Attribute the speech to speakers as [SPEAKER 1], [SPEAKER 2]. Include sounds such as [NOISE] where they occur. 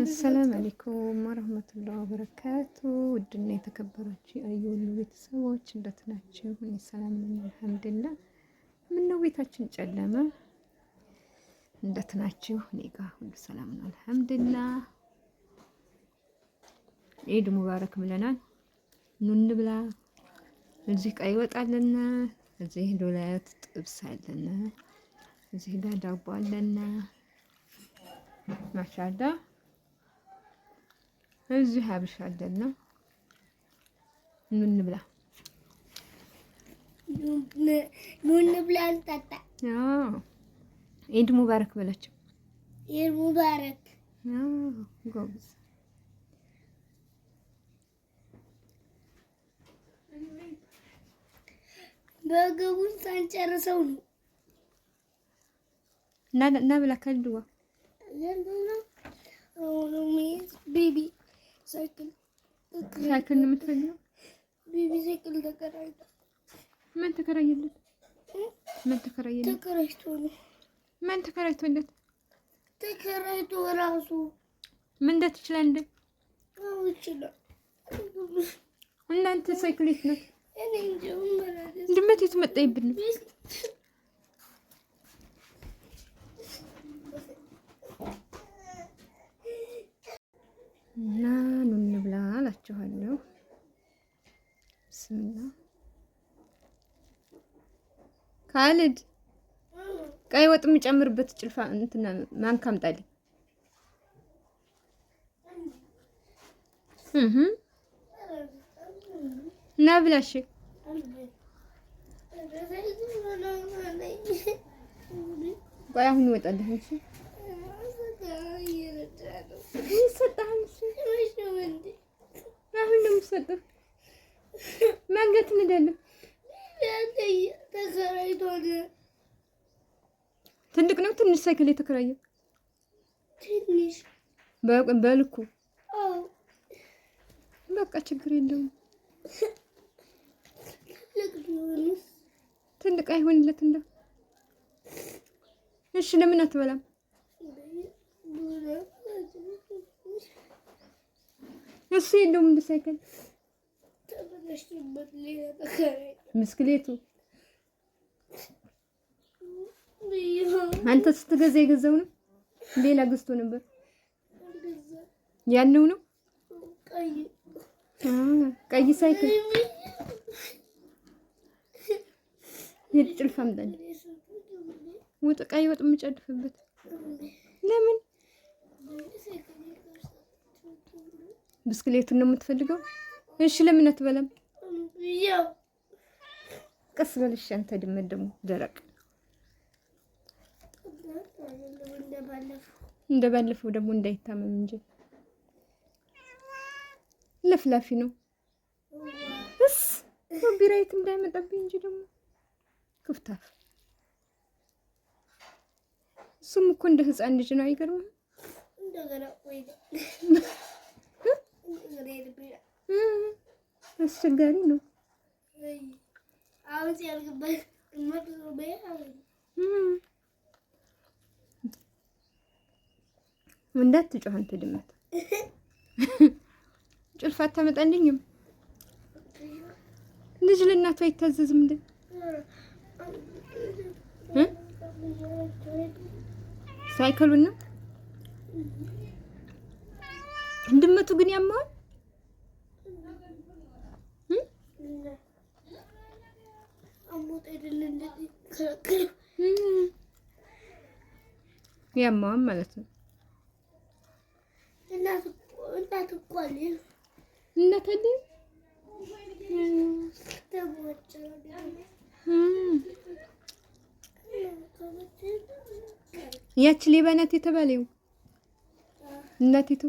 [SPEAKER 1] አሰላም አለይኩም ወረህመቱላሂ ወበረካቱ። ውድና የተከበራችሁ የአየሁሉ ቤተሰቦች እንደት ናቸው? እኔ ሰላም ነኝ አልሐምዱሊላህ። ምነው ቤታችን ጨለመ? እንደት ናቸው? እኔ ጋ ሁሉ ሰላም ነው አልሐምዱሊላህ። ኢድ ሙባረክ ብለናል። ኑ እንብላ። እዚህ ዕቃ ይወጣልና እዚህ ዶላያት ጥብስ አለና እዚህ ጋር ዳቦ አለና ማሻላ እዚህ አብሽ አይደለም። ምን ብላ ምን ብላ አልጠጣ
[SPEAKER 2] አዎ ኢድ ሙባረክ በላቸው።
[SPEAKER 1] ኢድ ሙባረክ
[SPEAKER 2] አዎ ጎብዝ
[SPEAKER 1] በገቡን ሳንጨርሰው ነው
[SPEAKER 2] እና እና ብላ ከልዋ ሳይክል ሳይክል ነው የምትፈልገው?
[SPEAKER 1] ቤቢ ሳይክል ተከራይቶ ነው።
[SPEAKER 2] ማን ተከራይቶለት?
[SPEAKER 1] ተከራይቶ ራሱ
[SPEAKER 2] መንዳት ይችላል እንዴ?
[SPEAKER 1] አዎ ይችላል።
[SPEAKER 2] እናንተ ሳይክል የት ነው? እኔ እንጃ። ድመት የት መጣ ይብን በስምላ ካልድ ቀይ ወጥ የሚጨምርበት ጭልፋ እንትና ማንካ አምጣልኝ። እና ብላሽ ቆይ አሁን ይወጣልህ እንጂ ይሰጣል። አሁን ነው የምሰጥህ መንገድ እንዳለ ትልቅ ነው። ትንሽ ሳይክል የተከራየ ትንሽ በልኩ በቃ ችግር የለውም። ትልቅ አይሆንለት እንደው እሺ፣ ለምን አትበላም? እሱ የለውም እንደ ሳይክል ምስክሌቱ አንተ ስትገዛ የገዛው ነው? ሌላ ገዝቶ ነበር ያለው ነው። ቀይ ሳይክል የት ጭልፍ አምጣልኝ። ወጥ ቀይ ወጥ የምጨልፍበት ለምን? ብስክሌቱን ነው የምትፈልገው? እሺ ለምን አትበላም? ቀስ በልሽ አንተ ድመት ደረቅ እንደ ባለፈው ደግሞ እንዳይታመም እንጂ ለፍላፊ ነው። እስ ኮፒራይት እንዳይመጣብኝ እንጂ ደግሞ ክፍታፍ። እሱም እኮ እንደ ህፃን ልጅ ነው። አይገርምም? አስቸጋሪ ነው። እንዳትጮህ አንተ ድመት [LAUGHS] ጭልፋት አታመጣልኝም። ልጅ ለእናቱ አይታዘዝም እንዴ? ሳይክሉን ድመቱ ግን ያማዋል። [LAUGHS] ያማዋን ማለት ነው። [LAUGHS] ያች ሌባ ናት የተባለው እናቲቱ